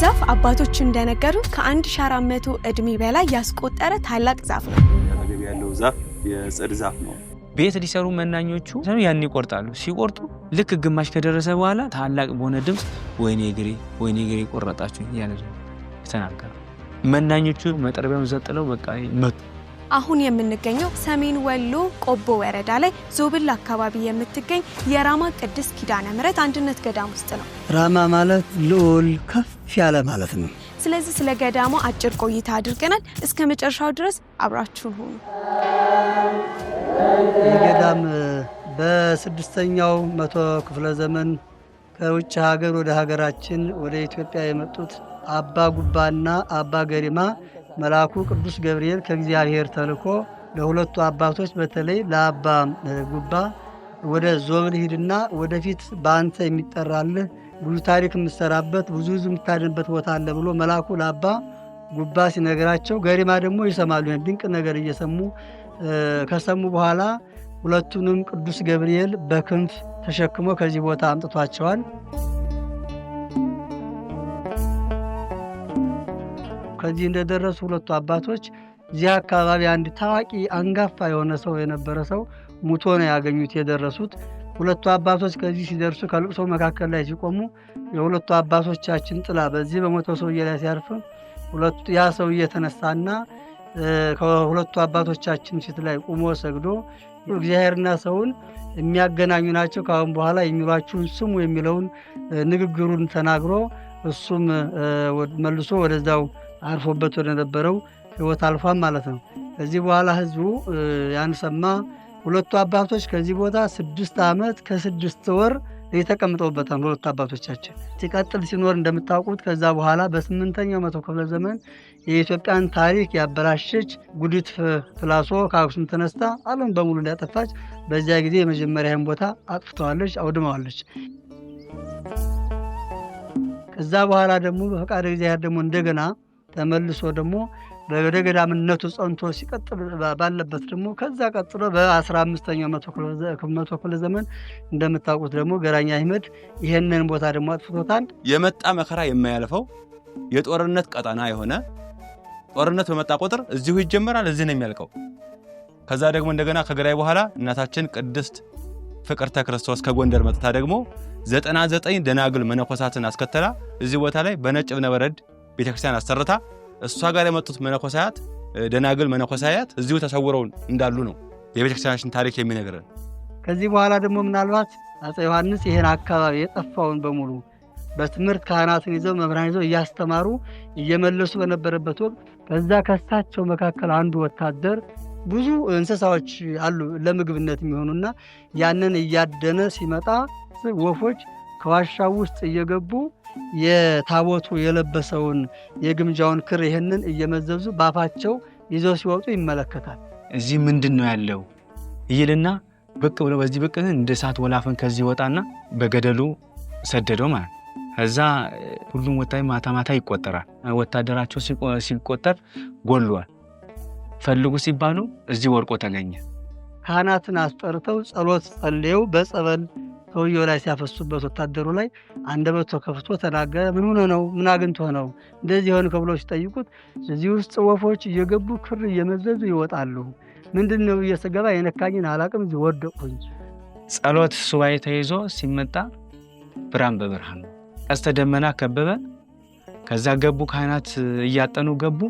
ዛፍ አባቶች እንደነገሩ ከ1400 እድሜ በላይ ያስቆጠረ ታላቅ ዛፍ ነው። አጠገብ ያለው ዛፍ የጽድ ዛፍ ነው። ቤት ሊሰሩ መናኞቹ ያን ይቆርጣሉ። ሲቆርጡ ልክ ግማሽ ከደረሰ በኋላ ታላቅ በሆነ ድምፅ ወይኔ እግሬ፣ ወይኔ እግሬ ቆረጣችሁ እያለ ተናገረ። መናኞቹ መጠረቢያውን ዘጥለው በቃ መቱ። አሁን የምንገኘው ሰሜን ወሎ ቆቦ ወረዳ ላይ ዞብል አካባቢ የምትገኝ የራማ ቅድስት ኪዳነ ምሕረት አንድነት ገዳም ውስጥ ነው። ራማ ማለት ልዑል ከፍ ያለ ማለት ነው። ስለዚህ ስለ ገዳሙ አጭር ቆይታ አድርገናል። እስከ መጨረሻው ድረስ አብራችሁን ሁኑ። ገዳም በስድስተኛው መቶ ክፍለ ዘመን ከውጭ ሀገር ወደ ሀገራችን ወደ ኢትዮጵያ የመጡት አባ ጉባና አባ ገሪማ መልአኩ ቅዱስ ገብርኤል ከእግዚአብሔር ተልኮ ለሁለቱ አባቶች በተለይ ለአባ ጉባ ወደ ዞብል ሂድና ወደፊት በአንተ የሚጠራልህ ብዙ ታሪክ የምትሰራበት ብዙ ሕዝብ የምታድንበት ቦታ አለ ብሎ መልአኩ ለአባ ጉባ ሲነገራቸው ገሪማ ደግሞ ይሰማሉ። ድንቅ ነገር እየሰሙ ከሰሙ በኋላ ሁለቱንም ቅዱስ ገብርኤል በክንፍ ተሸክሞ ከዚህ ቦታ አምጥቷቸዋል። ከዚህ እንደደረሱ ሁለቱ አባቶች እዚህ አካባቢ አንድ ታዋቂ አንጋፋ የሆነ ሰው የነበረ ሰው ሙቶ ነው ያገኙት የደረሱት። ሁለቱ አባቶች ከዚህ ሲደርሱ ከልቅሶ መካከል ላይ ሲቆሙ የሁለቱ አባቶቻችን ጥላ በዚህ በሞተው ሰውዬ ላይ ሲያርፍ ያ ሰው እየተነሳና ከሁለቱ አባቶቻችን ፊት ላይ ቁሞ ሰግዶ እግዚአብሔርና ሰውን የሚያገናኙ ናቸው፣ ከአሁን በኋላ የሚሏችሁን ስሙ የሚለውን ንግግሩን ተናግሮ እሱም መልሶ ወደዛው አርፎበት ወደ ነበረው ህይወት አልፏን ማለት ነው። ከዚህ በኋላ ህዝቡ ያን ሰማ። ሁለቱ አባቶች ከዚህ ቦታ ስድስት ዓመት ከስድስት ወር የተቀምጠውበታል ሁለቱ አባቶቻችን። ሲቀጥል ሲኖር እንደምታውቁት ከዛ በኋላ በስምንተኛው መቶ ክፍለ ዘመን የኢትዮጵያን ታሪክ ያበላሸች ጉዲት ፍላሶ ከአክሱም ተነስታ ዓለም በሙሉ እንዳጠፋች በዚያ ጊዜ የመጀመሪያን ቦታ አጥፍተዋለች፣ አውድመዋለች። ከዛ በኋላ ደግሞ በፈቃደ እግዚአብሔር ደግሞ እንደገና ተመልሶ ደግሞ ወደ ገዳምነቱ ጸንቶ ሲቀጥል ባለበት ደግሞ ከዛ ቀጥሎ በአስራ አምስተኛው መቶ ክፍለ ዘመን እንደምታውቁት ደግሞ ገራኛ አህመድ ይህንን ቦታ ደግሞ አጥፍቶታል። የመጣ መከራ የማያልፈው የጦርነት ቀጠና የሆነ ጦርነት በመጣ ቁጥር እዚሁ ይጀመራል፣ እዚህ ነው የሚያልቀው። ከዛ ደግሞ እንደገና ከግራኝ በኋላ እናታችን ቅድስት ፍቅርተ ክርስቶስ ከጎንደር መጥታ ደግሞ ዘጠና ዘጠኝ ደናግል መነኮሳትን አስከተላ እዚህ ቦታ ላይ በነጭ እብነበረድ ቤተክርስቲያን አሰርታ እሷ ጋር የመጡት መነኮሳያት ደናግል መነኮሳያት እዚሁ ተሰውረው እንዳሉ ነው የቤተክርስቲያናችን ታሪክ የሚነግረን። ከዚህ በኋላ ደግሞ ምናልባት አፄ ዮሐንስ ይህን አካባቢ የጠፋውን በሙሉ በትምህርት ካህናትን ይዘው መምህራን ይዘው እያስተማሩ እየመለሱ በነበረበት ወቅት ከዛ ከሳቸው መካከል አንዱ ወታደር ብዙ እንስሳዎች አሉ ለምግብነት የሚሆኑና ያንን እያደነ ሲመጣ ወፎች ከዋሻው ውስጥ እየገቡ የታቦቱ የለበሰውን የግምጃውን ክር ይህንን እየመዘዙ ባፋቸው ይዘው ሲወጡ ይመለከታል። እዚህ ምንድን ነው ያለው ይልና ብቅ ብሎ በዚህ ብቅ እንደ እሳት ወላፈን ከዚህ ወጣና በገደሉ ሰደደው ማለት እዛ ሁሉም ወታይ ማታ ማታ ይቆጠራል። ወታደራቸው ሲቆጠር ጎሏል። ፈልጉ ሲባሉ እዚህ ወርቆ ተገኘ። ካህናትን አስጠርተው ጸሎት ጸልየው በጸበል ሰውየው ላይ ሲያፈሱበት ወታደሩ ላይ አንደበቱ ከፍቶ ተናገረ። ምን ሆነ ነው? ምን አግኝቶ ነው እንደዚህ የሆን ከብለው ሲጠይቁት እዚህ ውስጥ ወፎች እየገቡ ክር እየመዘዙ ይወጣሉ። ምንድን ነው እየስገባ የነካኝን አላቅም ወደቅኩኝ። ጸሎት ሱባኤ ተይዞ ሲመጣ ብርሃን በብርሃን ቀስተ ደመና ከበበ። ከዛ ገቡ ካህናት እያጠኑ ገቡ።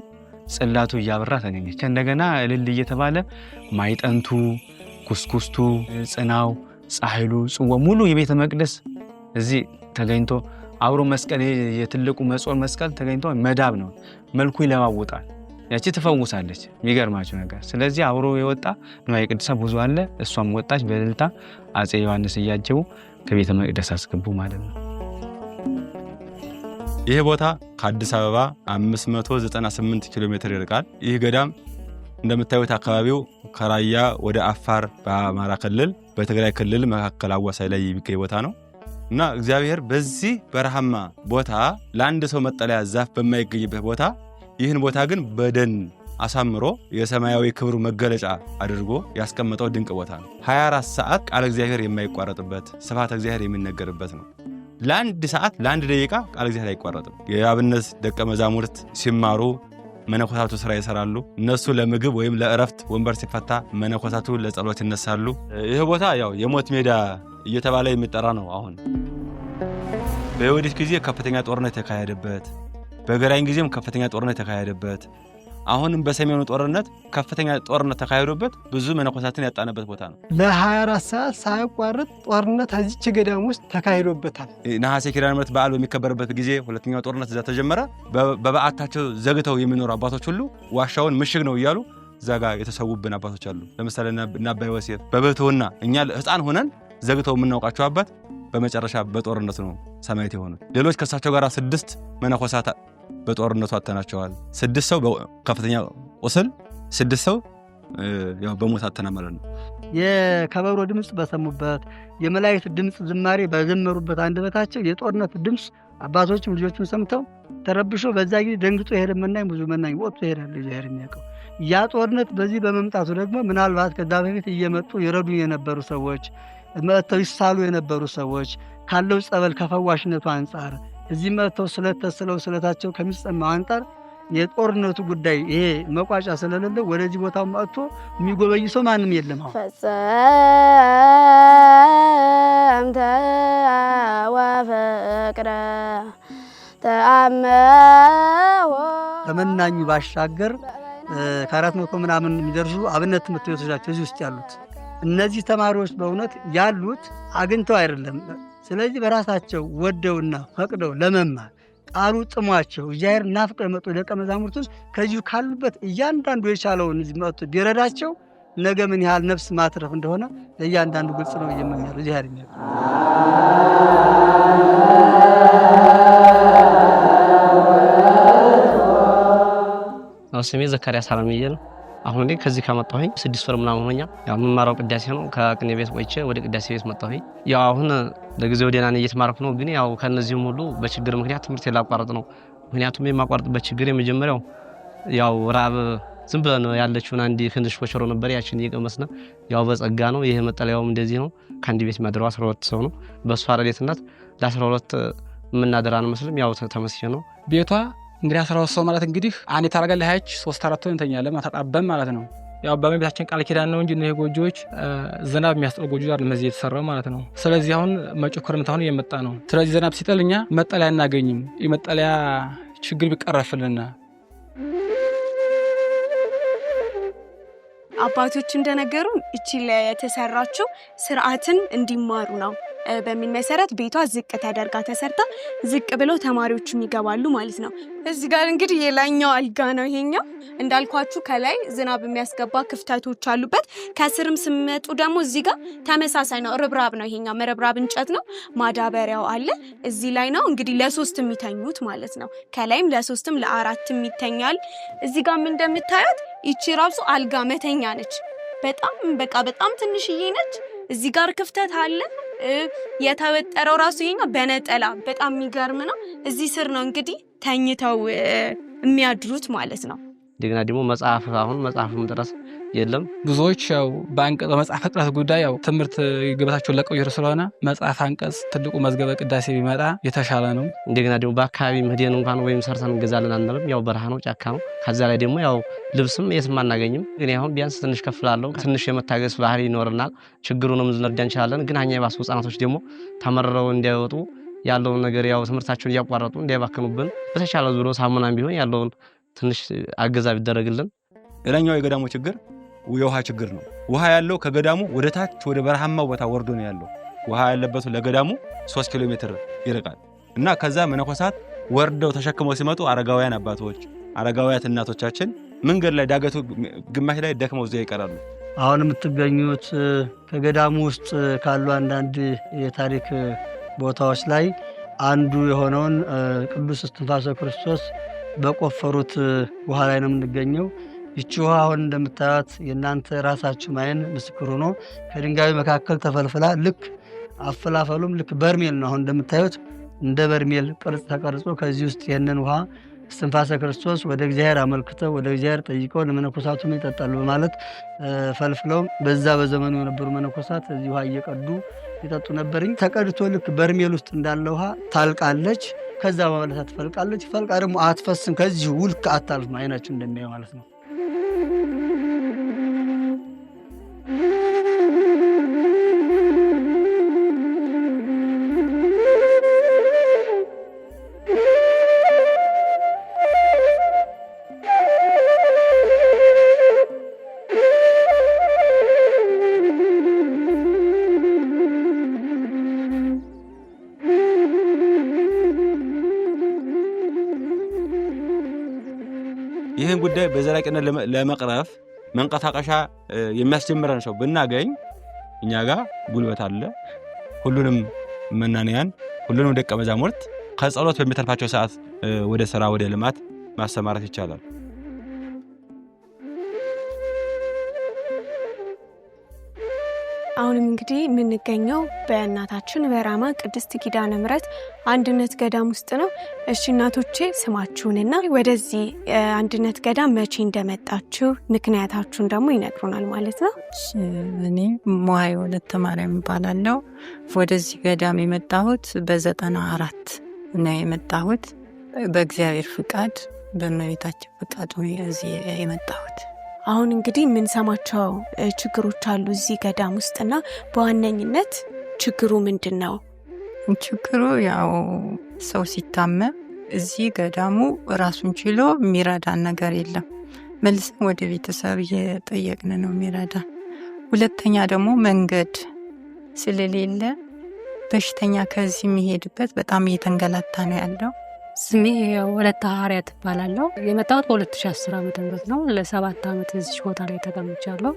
ጽላቱ እያበራ ተገኘች። እንደገና እልል እየተባለ ማይጠንቱ፣ ኩስኩስቱ፣ ጽናው ጻሕሉ፣ ጽዋ ሙሉ የቤተ መቅደስ እዚህ ተገኝቶ አብሮ መስቀል የትልቁ መጾር መስቀል ተገኝቶ መዳብ ነው መልኩ ይለዋውጣል። ያቺ ትፈውሳለች። የሚገርማችሁ ነገር ስለዚህ አብሮ የወጣ ንዋየ ቅድሳት ብዙ አለ። እሷም ወጣች በልልታ አፄ ዮሐንስ እያጀቡ ከቤተ መቅደስ አስገቡ ማለት ነው። ይህ ቦታ ከአዲስ አበባ 598 ኪሎ ሜትር ይርቃል። ይህ ገዳም እንደምታዩት አካባቢው ከራያ ወደ አፋር በአማራ ክልል በትግራይ ክልል መካከል አዋሳኝ ላይ የሚገኝ ቦታ ነው እና እግዚአብሔር በዚህ በረሃማ ቦታ ለአንድ ሰው መጠለያ ዛፍ በማይገኝበት ቦታ ይህን ቦታ ግን በደን አሳምሮ የሰማያዊ ክብሩ መገለጫ አድርጎ ያስቀመጠው ድንቅ ቦታ ነው። 24 ሰዓት ቃለ እግዚአብሔር የማይቋረጥበት ስፋት እግዚአብሔር የሚነገርበት ነው። ለአንድ ሰዓት ለአንድ ደቂቃ ቃለ እግዚአብሔር አይቋረጥም። የአብነት ደቀ መዛሙርት ሲማሩ መነኮሳቱ ስራ ይሰራሉ። እነሱ ለምግብ ወይም ለእረፍት ወንበር ሲፈታ መነኮሳቱ ለጸሎት ይነሳሉ። ይህ ቦታ ያው የሞት ሜዳ እየተባለ የሚጠራ ነው። አሁን በዮዲት ጊዜ ከፍተኛ ጦርነት የተካሄደበት፣ በግራኝ ጊዜም ከፍተኛ ጦርነት የተካሄደበት አሁንም በሰሜኑ ጦርነት ከፍተኛ ጦርነት ተካሂዶበት ብዙ መነኮሳትን ያጣነበት ቦታ ነው። ለ24 ሰዓት ሳያቋርጥ ጦርነት እዚች ገዳም ውስጥ ተካሂዶበታል። ነሐሴ ኪዳነ ምሕረት በዓል በሚከበርበት ጊዜ ሁለተኛው ጦርነት እዛ ተጀመረ። በበዓታቸው ዘግተው የሚኖሩ አባቶች ሁሉ ዋሻውን ምሽግ ነው እያሉ እዛ ጋር የተሰዉብን አባቶች አሉ። ለምሳሌ እናባይ ወሴፍ በብህትውና እኛ ሕፃን ሆነን ዘግተው የምናውቃቸው አባት በመጨረሻ በጦርነት ነው ሰማዕት የሆኑት። ሌሎች ከእሳቸው ጋር ስድስት መነኮሳት በጦርነቱ አተናቸዋል። ስድስት ሰው ከፍተኛ ቁስል፣ ስድስት ሰው በሞት አተና ማለት ነው። የከበሮ ድምፅ በሰሙበት የመላእክት ድምፅ ዝማሬ በዘመሩበት አንደበታቸው የጦርነት ድምፅ አባቶችም ልጆችም ሰምተው ተረብሾ በዛ ጊዜ ደንግጦ ሄደ መናኝ ብዙ መናኝ ወጥቶ ሄደ እግዚአብሔር የሚያውቀው ያ ጦርነት በዚህ በመምጣቱ ደግሞ ምናልባት ከዛ በፊት እየመጡ ይረዱ የነበሩ ሰዎች መጥተው ይሳሉ የነበሩ ሰዎች ካለው ጸበል ከፈዋሽነቱ አንጻር እዚህ መጥተው ስለተስለው ስለታቸው ከሚሰማ አንጻር የጦርነቱ ጉዳይ ይሄ መቋጫ ስለሌለ ወደዚህ ቦታው መጥቶ የሚጎበኝ ሰው ማንም የለም። አሁን ፈጸምተ ወፍቅረ ተአመሆ ከመናኙ ባሻገር ከአራት መቶ ምናምን የሚደርሱ አብነት ትምህርት ቤቶች ናቸው እዚህ ውስጥ ያሉት። እነዚህ ተማሪዎች በእውነት ያሉት አግኝተው አይደለም ስለዚህ በራሳቸው ወደውና ፈቅደው ለመማር ቃሉ ጥሟቸው እግዚአብሔር ናፍቀው የመጡ ደቀ መዛሙርቱን ከዚሁ ካሉበት እያንዳንዱ የቻለውን መጡ ቢረዳቸው ነገ ምን ያህል ነፍስ ማትረፍ እንደሆነ ለእያንዳንዱ ግልጽ ነው እየመኛለሁ እግዚአብሔር ስሜ ዘካሪያስ አለምዬ ነው። አሁን ላይ ከዚህ ካመጣሁኝ ስድስት ወር ምናምን ሆኛ። የምማረው ቅዳሴ ነው። ከቅኔ ቤት ወይቼ ወደ ቅዳሴ ቤት መጣሁኝ። ያው አሁን ለጊዜው ደህና ነኝ፣ እየተማርኩ ነው። ግን ያው ከነዚህም ሁሉ በችግር ምክንያት ትምህርት ላቋረጥ ነው። ምክንያቱም የማቋረጥበት ችግር የመጀመሪያው ያው ራብ ዝም ብለን ያለችውን አንድ ክንድሽ ኮቸሮ ነበር፣ ያችን እየቀመስነ ያው በጸጋ ነው። ይህ መጠለያውም እንደዚህ ነው። ከአንድ ቤት የሚያደረው 12 ሰው ነው። በእሷ ረሌትናት ለ12 የምናደራ አንመስልም። ያው ተመስገን ነው ቤቷ እንግዲህ አስራ ሶስት ሰው ማለት እንግዲህ አንዴ ታረጋ ሀያች ሶስት አራት ሰው እንተኛለን አታጣበም ማለት ነው። ያው በእመቤታችን ቃል ኪዳን ነው እንጂ እነዚህ ጎጆዎች ዝናብ የሚያስጥል ጎጆ አይደለም እዚህ የተሰራው ማለት ነው። ስለዚህ አሁን መጪው ክረምት አሁን እየመጣ ነው። ስለዚህ ዝናብ ሲጥል እኛ መጠለያ እናገኝም የመጠለያ ችግር ቢቀረፍልና አባቶች እንደነገሩ እቺ ላይ የተሰራችው ስርዓትን እንዲማሩ ነው። በሚል መሰረት ቤቷ ዝቅ ተደርጋ ተሰርታ ዝቅ ብለው ተማሪዎችም ይገባሉ ማለት ነው። እዚህ ጋር እንግዲህ የላይኛው አልጋ ነው ይሄኛው። እንዳልኳችሁ ከላይ ዝናብ የሚያስገባ ክፍተቶች አሉበት። ከስርም ስመጡ ደግሞ እዚህ ጋር ተመሳሳይ ነው። ርብራብ ነው ይሄኛው፣ መረብራብ እንጨት ነው። ማዳበሪያው አለ እዚህ ላይ ነው እንግዲህ ለሶስት የሚተኙት ማለት ነው። ከላይም ለሶስትም ለአራትም ይተኛል። እዚህ ጋርም እንደምታያት ይቺ ራሱ አልጋ መተኛ ነች። በጣም በቃ በጣም ትንሽዬ ነች። እዚህ ጋር ክፍተት አለ። የተወጠረው ራሱ ይሄኛው በነጠላ በጣም የሚገርም ነው። እዚህ ስር ነው እንግዲህ ተኝተው የሚያድሩት ማለት ነው። እንደገና ደግሞ መጽሐፍ አሁን መጽሐፍ መድረስ የለም። ብዙዎች ያው በአንቀጽ በመጽሐፍ ቅዳሴ ጉዳይ ያው ትምህርት ገበታቸውን ለቀው እየሄዱ ስለሆነ መጽሐፍ አንቀጽ ትልቁ መዝገበ ቅዳሴ ቢመጣ የተሻለ ነው። እንደገና ደግሞ በአካባቢ መድን እንኳን ወይም ሰርተን እንገዛለን አንለም። ያው በረሃ ነው፣ ጫካ ነው። ከዛ ላይ ደግሞ ያው ልብስም የትም አናገኝም። ግን አሁን ቢያንስ ትንሽ ከፍላለሁ፣ ትንሽ የመታገስ ባህል ይኖርናል። ችግሩንም ልንረዳ እንችላለን። ግን አኛ የባሱ ህጻናቶች ደግሞ ተመርረው እንዳይወጡ ያለውን ነገር ያው ትምህርታቸውን እያቋረጡ እንዳይባክኑብን በተቻለ ዙሮ ሳሙናም ቢሆን ያለውን ትንሽ አገዛ ቢደረግልን። ሌላኛው የገዳሙ ችግር የውሃ ችግር ነው። ውሃ ያለው ከገዳሙ ወደ ታች ወደ በረሃማ ቦታ ወርዶ ነው ያለው። ውሃ ያለበት ለገዳሙ 3 ኪሎ ሜትር ይርቃል እና ከዛ መነኮሳት ወርደው ተሸክመው ሲመጡ አረጋውያን አባቶች፣ አረጋውያት እናቶቻችን መንገድ ላይ ዳገቱ ግማሽ ላይ ደክመው እዚያ ይቀራሉ። አሁን የምትገኙት ከገዳሙ ውስጥ ካሉ አንዳንድ የታሪክ ቦታዎች ላይ አንዱ የሆነውን ቅዱስ እስትንፋሰ ክርስቶስ በቆፈሩት ውሃ ላይ ነው የምንገኘው። ይቺ ውሃ አሁን እንደምታያት የእናንተ ራሳችሁ ማየን ምስክሩ ነው። ከድንጋዩ መካከል ተፈልፍላ ልክ አፈላፈሉም ልክ በርሜል ነው። አሁን እንደምታዩት እንደ በርሜል ቅርጽ ተቀርጾ ከዚህ ውስጥ ይህንን ውሃ እስትንፋሰ ክርስቶስ ወደ እግዚአብሔር አመልክተው ወደ እግዚአብሔር ጠይቀው ለመነኮሳቱ ምን ይጠጣሉ በማለት ፈልፍለው በዛ በዘመኑ የነበሩ መነኮሳት እዚህ ውሃ እየቀዱ ይጠጡ ነበርኝ። ተቀድቶ ልክ በርሜል ውስጥ እንዳለ ውሃ ታልቃለች። ከዛ በመለሳ ትፈልቃለች። ፈልቃ ደግሞ አትፈስም። ከዚህ ውልክ አታልፍ አይናችሁ እንደሚያየው ማለት ነው። ይህንን ጉዳይ በዘላቂነት ለመቅረፍ መንቀሳቀሻ የሚያስጀምረን ሰው ብናገኝ እኛ ጋር ጉልበት አለ። ሁሉንም መናንያን ሁሉንም ደቀ መዛሙርት ከጸሎት በሚተርፋቸው ሰዓት ወደ ስራ፣ ወደ ልማት ማሰማራት ይቻላል። አሁንም እንግዲህ የምንገኘው በእናታችን በራማ ቅድስት ኪዳነ ምሕረት አንድነት ገዳም ውስጥ ነው። እሺ እናቶቼ ስማችሁንና ወደዚህ አንድነት ገዳም መቼ እንደመጣችሁ ምክንያታችሁን ደግሞ ይነግሩናል ማለት ነው። እኔ ሞሀይ ወለተ ማርያም እባላለሁ። ወደዚህ ገዳም የመጣሁት በዘጠና አራት ነው የመጣሁት በእግዚአብሔር ፍቃድ በእመቤታችን ፍቃድ እዚህ የመጣሁት። አሁን እንግዲህ የምንሰማቸው ችግሮች አሉ እዚህ ገዳም ውስጥና በዋነኝነት ችግሩ ምንድን ነው? ችግሩ ያው ሰው ሲታመም እዚህ ገዳሙ ራሱን ችሎ የሚረዳን ነገር የለም። መልሰን ወደ ቤተሰብ እየጠየቅን ነው የሚረዳ። ሁለተኛ ደግሞ መንገድ ስለሌለ በሽተኛ ከዚህ የሚሄድበት በጣም እየተንገላታ ነው ያለው። ስሜ ወለተ ሀሪያ ትባላለሁ። የመጣሁት በ2010 ዓ ም ነው። ለሰባት ዓመት እዚህ ቦታ ላይ ተቀምጫለሁ።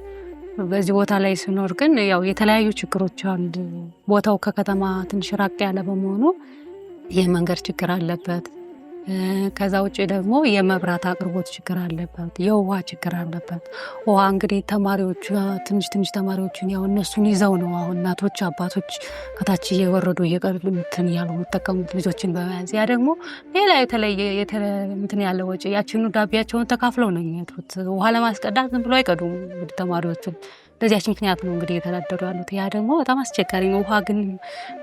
በዚህ ቦታ ላይ ስኖር ግን ያው የተለያዩ ችግሮች አሉ። ቦታው ከከተማ ትንሽ ራቅ ያለ በመሆኑ የመንገድ ችግር አለበት። ከዛ ውጭ ደግሞ የመብራት አቅርቦት ችግር አለበት፣ የውሃ ችግር አለበት። ውሃ እንግዲህ ተማሪዎቹ ትንሽ ትንሽ ተማሪዎችን ያው እነሱን ይዘው ነው አሁን እናቶች አባቶች ከታች እየወረዱ እየቀዱ እንትን እያሉ የሚጠቀሙት ልጆችን በመያዝ ያ ደግሞ ሌላ የተለየ እንትን ያለ ወጪ ያችኑ ዳቢያቸውን ተካፍለው ነው የሚመጡት። ውሃ ለማስቀዳት ዝም ብሎ አይቀዱም ተማሪዎቹን በዚያች ምክንያት ነው እንግዲህ የተናደዱ ያሉት። ያ ደግሞ በጣም አስቸጋሪ ነው። ውሃ ግን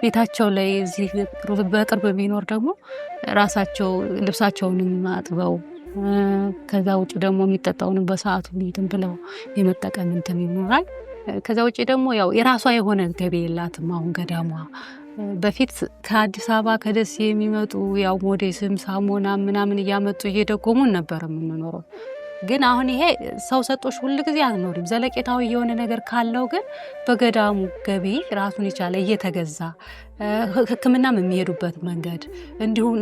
ቤታቸው ላይ እዚህ በቅርብ ቢኖር ደግሞ ራሳቸው ልብሳቸውንም አጥበው ከዛ ውጭ ደግሞ የሚጠጣውን በሰዓቱ እንትን ብለው የመጠቀም እንትን ይኖራል። ከዛ ውጭ ደግሞ ያው የራሷ የሆነ ገቢ የላትም። አሁን ገዳሟ በፊት ከአዲስ አበባ ከደሴ የሚመጡ ያው ሞዴስም ሳሙና ምናምን እያመጡ እየደጎሙን ነበር የምንኖረው። ግን አሁን ይሄ ሰው ሰጦሽ ሁል ጊዜ አትኖሪም። ዘለቄታዊ የሆነ ነገር ካለው ግን በገዳሙ ገቢ ራሱን የቻለ እየተገዛ ሕክምናም የሚሄዱበት መንገድ እንዲሁም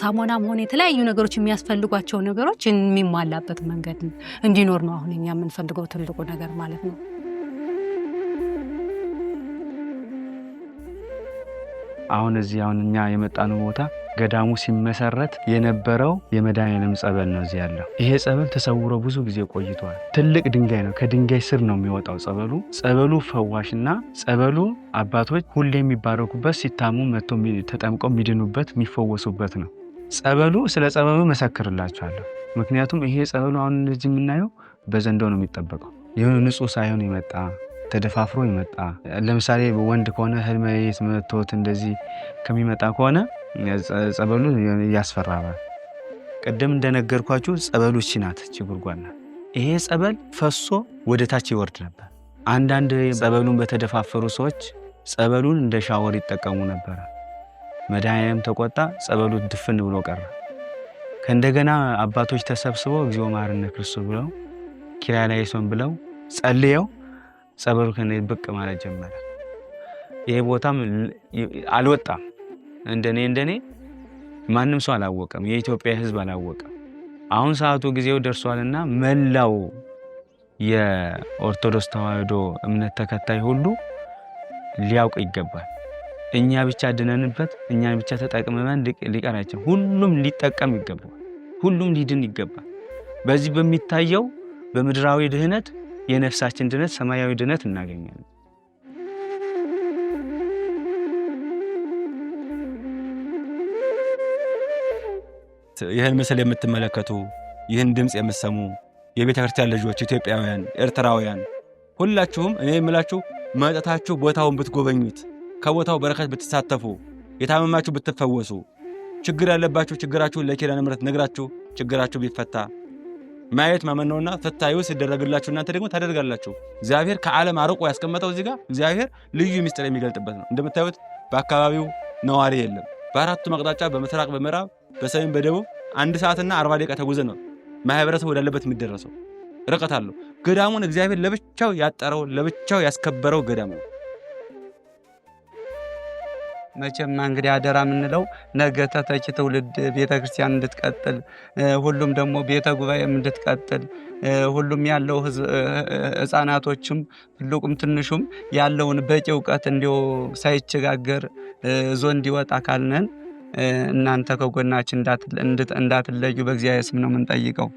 ሳሙናም ሆነ የተለያዩ ነገሮች የሚያስፈልጓቸው ነገሮች የሚሟላበት መንገድ እንዲኖር ነው አሁን እኛ የምንፈልገው ትልቁ ነገር ማለት ነው። አሁን እዚህ አሁን እኛ የመጣነው ቦታ ገዳሙ ሲመሰረት የነበረው የመድኃኔዓለም ጸበል ነው እዚህ ያለው። ይሄ ጸበል ተሰውሮ ብዙ ጊዜ ቆይቷል። ትልቅ ድንጋይ ነው። ከድንጋይ ስር ነው የሚወጣው ጸበሉ። ጸበሉ ፈዋሽና ጸበሉ አባቶች ሁሌ የሚባረኩበት፣ ሲታሙ መጥቶ ተጠምቀው የሚድኑበት የሚፈወሱበት ነው። ጸበሉ ስለ ጸበሉ መሰክርላችኋለሁ። ምክንያቱም ይሄ ጸበሉ አሁን እንደዚህ የምናየው በዘንዶ ነው የሚጠበቀው። የሆነ ንጹህ ሳይሆን የመጣ ተደፋፍሮ ይመጣ። ለምሳሌ ወንድ ከሆነ ህልመ ሌሊት መጥቶት እንደዚህ ከሚመጣ ከሆነ ጸበሉ ያስፈራራል። ቅድም እንደነገርኳችሁ ጸበሉ እቺ ናት፣ እቺ ናት። ይሄ ጸበል ፈሶ ወደ ታች ይወርድ ነበር። አንዳንድ ጸበሉን በተደፋፈሩ ሰዎች ጸበሉን እንደ ሻወር ይጠቀሙ ነበረ። መድኃኔዓለም ተቆጣ፣ ጸበሉ ድፍን ብሎ ቀረ። ከእንደገና አባቶች ተሰብስበው እግዚኦ መሐረነ ክርስቶስ ብለው ኪርያላይሶን ብለው ጸልየው ጸበሉ ከነ ብቅ ማለት ጀመረ። ይሄ ቦታም አልወጣም። እንደኔ እንደኔ ማንም ሰው አላወቀም፣ የኢትዮጵያ ሕዝብ አላወቀም። አሁን ሰዓቱ ጊዜው ደርሷልና መላው የኦርቶዶክስ ተዋሕዶ እምነት ተከታይ ሁሉ ሊያውቅ ይገባል። እኛ ብቻ ድነንበት እኛን ብቻ ተጠቅመን ሊቀራችን፣ ሁሉም ሊጠቀም ይገባል። ሁሉም ሊድን ይገባል። በዚህ በሚታየው በምድራዊ ድህነት የነፍሳችን ድህነት ሰማያዊ ድህነት እናገኛለን። ይህን ምስል የምትመለከቱ ይህን ድምፅ የምትሰሙ የቤተ ክርስቲያን ልጆች ኢትዮጵያውያን፣ ኤርትራውያን ሁላችሁም እኔ የምላችሁ መጠታችሁ ቦታውን ብትጎበኙት፣ ከቦታው በረከት ብትሳተፉ፣ የታመማችሁ ብትፈወሱ፣ ችግር ያለባችሁ ችግራችሁን ለኪዳነ ምሕረት ነግራችሁ ችግራችሁ ቢፈታ ማየት ማመን ነውና ፈታዩ ሲደረግላችሁ እናንተ ደግሞ ታደርጋላችሁ። እግዚአብሔር ከዓለም አርቆ ያስቀመጠው እዚህ ጋር እግዚአብሔር ልዩ ሚስጥር የሚገልጥበት ነው። እንደምታዩት በአካባቢው ነዋሪ የለም። በአራቱም አቅጣጫ በምስራቅ በምዕራብ በሰሜን በደቡብ አንድ ሰዓትና አርባ ደቂቃ ተጉዘ ነው ማህበረሰብ ወዳለበት የሚደረሰው። ርቀት አለው። ገዳሙን እግዚአብሔር ለብቻው ያጠረው ለብቻው ያስከበረው ገዳም ነው። መቼም እንግዲህ አደራ የምንለው ነገ ተተኪ ትውልድ ቤተ ክርስቲያን እንድትቀጥል ሁሉም ደግሞ ቤተ ጉባኤም እንድትቀጥል ሁሉም ያለው ህፃናቶችም ትልቁም ትንሹም ያለውን በቂ እውቀት እንዲ ሳይቸጋገር ዞ እንዲወጣ ካልነን እናንተ ከጎናችን እንዳትለዩ በእግዚአብሔር ስም ነው የምንጠይቀው።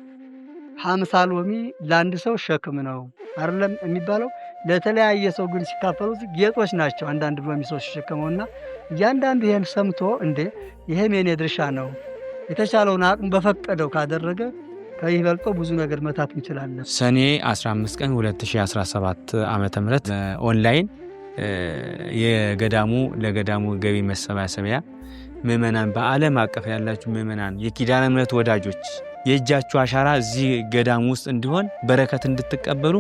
ሀምሳ ሎሚ ለአንድ ሰው ሸክም ነው አይደለም የሚባለው። ለተለያየ ሰው ግን ሲካፈሉት ጌጦች ናቸው። አንዳንድ ሎሚ ሰው ሲሸከመውና እያንዳንዱ ይህን ሰምቶ እንዴ ይሄም የኔ ድርሻ ነው የተቻለውን አቅም በፈቀደው ካደረገ ከይህ በልጦ ብዙ ነገር መታት እንችላለን። ሰኔ 15 ቀን 2017 ዓ ም ኦንላይን የገዳሙ ለገዳሙ ገቢ መሰባሰቢያ ምእመናን፣ በዓለም አቀፍ ያላችሁ ምእመናን፣ የኪዳነ እምነት ወዳጆች የእጃችሁ አሻራ እዚህ ገዳም ውስጥ እንዲሆን በረከት እንድትቀበሉ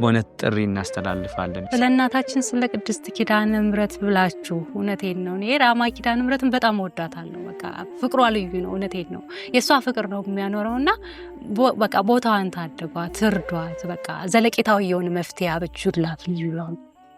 በእውነት ጥሪ እናስተላልፋለን። ስለ እናታችን ስለ ቅድስት ኪዳነ ምሕረት ብላችሁ እውነቴን ነው። እኔ ራማ ኪዳነ ምሕረትን በጣም ወዳታለሁ። በቃ ፍቅሯ ልዩ ነው። እውነቴን ነው። የእሷ ፍቅር ነው የሚያኖረው እና በቃ ቦታዋን ታድጓት፣ ትርዷት። በቃ ዘለቄታዊ የሆነ መፍትሄ አበጁላት ልዩ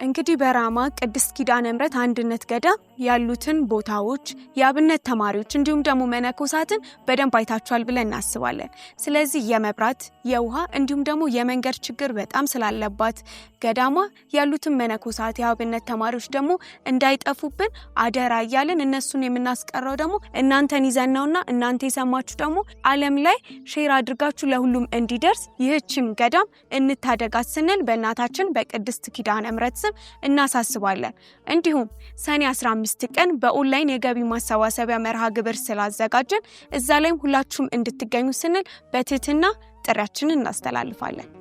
እንግዲህ በራማ ቅድስት ኪዳነ ምሕረት አንድነት ገዳም ያሉትን ቦታዎች የአብነት ተማሪዎች እንዲሁም ደግሞ መነኮሳትን በደንብ አይታችኋል ብለን እናስባለን። ስለዚህ የመብራት የውሃ እንዲሁም ደግሞ የመንገድ ችግር በጣም ስላለባት ገዳሟ ያሉትን መነኮሳት የአብነት ተማሪዎች ደግሞ እንዳይጠፉብን አደራ እያለን እነሱን የምናስቀረው ደግሞ እናንተን ይዘን ነውና እናንተ የሰማችሁ ደግሞ ዓለም ላይ ሼር አድርጋችሁ ለሁሉም እንዲደርስ ይህችም ገዳም እንታደጋት ስንል በእናታችን በቅድስት ኪዳነ ምሕረት ስም እንዲሰበሰብ እናሳስባለን። እንዲሁም ሰኔ 15 ቀን በኦንላይን የገቢ ማሰባሰቢያ መርሃ ግብር ስላዘጋጀን እዛ ላይም ሁላችሁም እንድትገኙ ስንል በትህትና ጥሪያችንን እናስተላልፋለን።